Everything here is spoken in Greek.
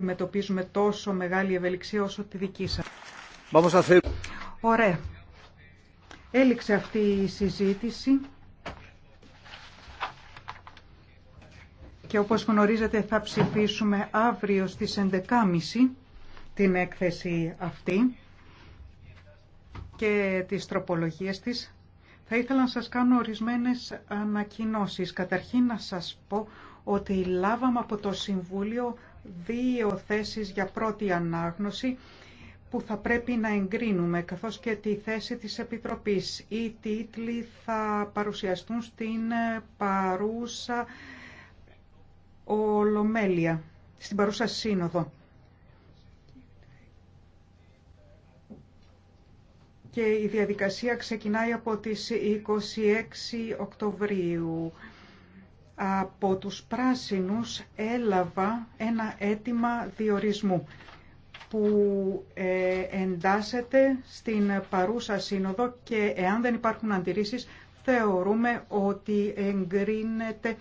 αντιμετωπίζουμε τόσο μεγάλη ευελιξία όσο τη δική σας. Ωραία. Έληξε αυτή η συζήτηση και όπως γνωρίζετε θα ψηφίσουμε αύριο στις 11.30 την έκθεση αυτή και τις τροπολογίες της. Θα ήθελα να σας κάνω ορισμένες ανακοινώσεις. Καταρχήν να σας πω ότι λάβαμε από το Συμβούλιο δύο θέσεις για πρώτη ανάγνωση που θα πρέπει να εγκρίνουμε, καθώς και τη θέση της Επιτροπής. Οι τίτλοι θα παρουσιαστούν στην ε, παρούσα Ολομέλεια, στην παρούσα Σύνοδο. Και η διαδικασία ξεκινάει από τις 26 Οκτωβρίου. Από τους πράσινους έλαβα ένα αίτημα διορισμού που ε, εντάσσεται στην παρούσα σύνοδο και εάν δεν υπάρχουν αντιρρήσεις θεωρούμε ότι εγκρίνεται